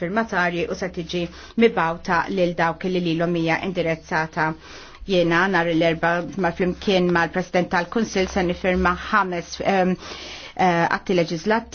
firmatarji u se tiġi mibawta lil dawk li lilhom hija indirizzata. Jiena nhar l-erba mal-flimkien mal-President tal-Kunsil se nifirma ħames um, uh, atti leġislattivi